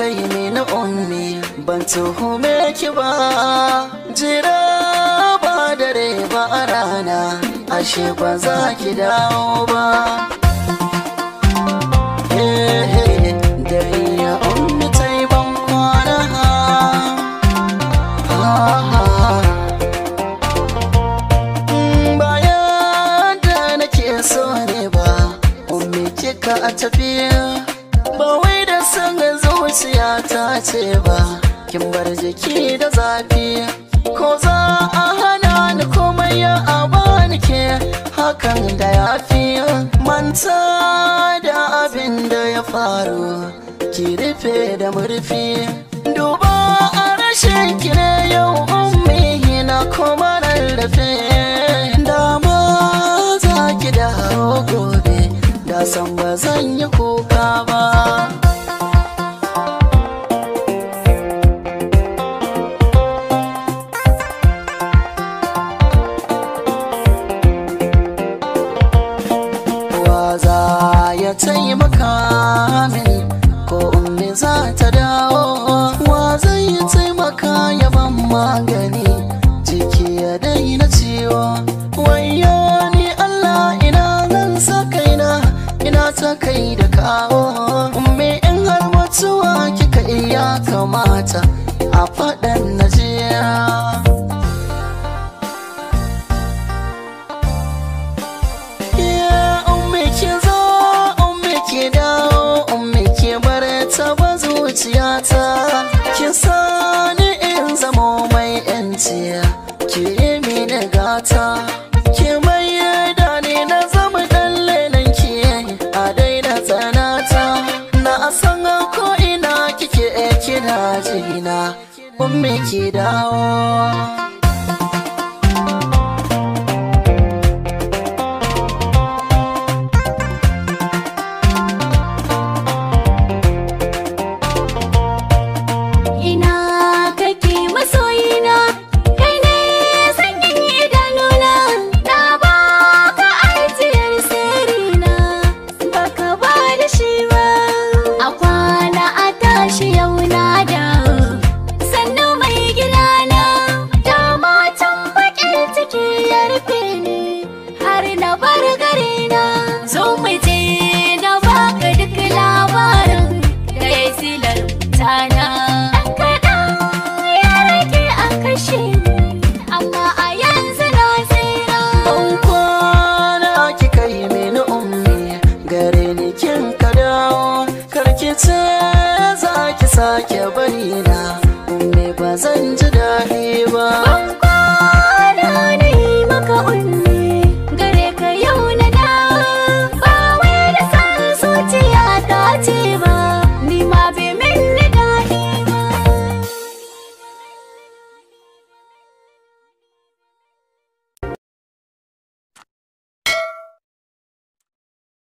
kai ne na ummi ban tuhume ki ba jira ba dare ba a rana ashe ba za ki dawo ba dare ya ummi ta bayan da nake so ne ba ummi kika a tafiya zuciya ta ce ba kin bar jiki da zafi ko za a hana ni komai ya abani ke hakan da ya fi manta da abin da ya faru ki rufe da murfi duba a rashin ki ne yau ummi na kuma rarrafe dama za ki da gobe da san ba zan yi kuka ba Kamin ko ummi za ta dawo wa zai yi taimaka ya ban magani jiki ya daina ciwo wayo ni Allah ina zan sa kaina ina ta kai da kawo ummi in har mutuwa kika iya kamata a faɗan najiya zuciyata ki sani in zama mai yanci ki yi mini gata ki mai da ni na zama dan lenan ki a daina tsanata na san ko ina kike kina jina kuma ki dawo bar gare na zo mu je na baka duk labarin da ya silar tana kaɗa ya rage a kashe amma a yanzu na tsira ɗauko na kika yi mini ummi gare ni kin ka kar karki ce za ki sake bari na ummi ba zan ji daɗi ba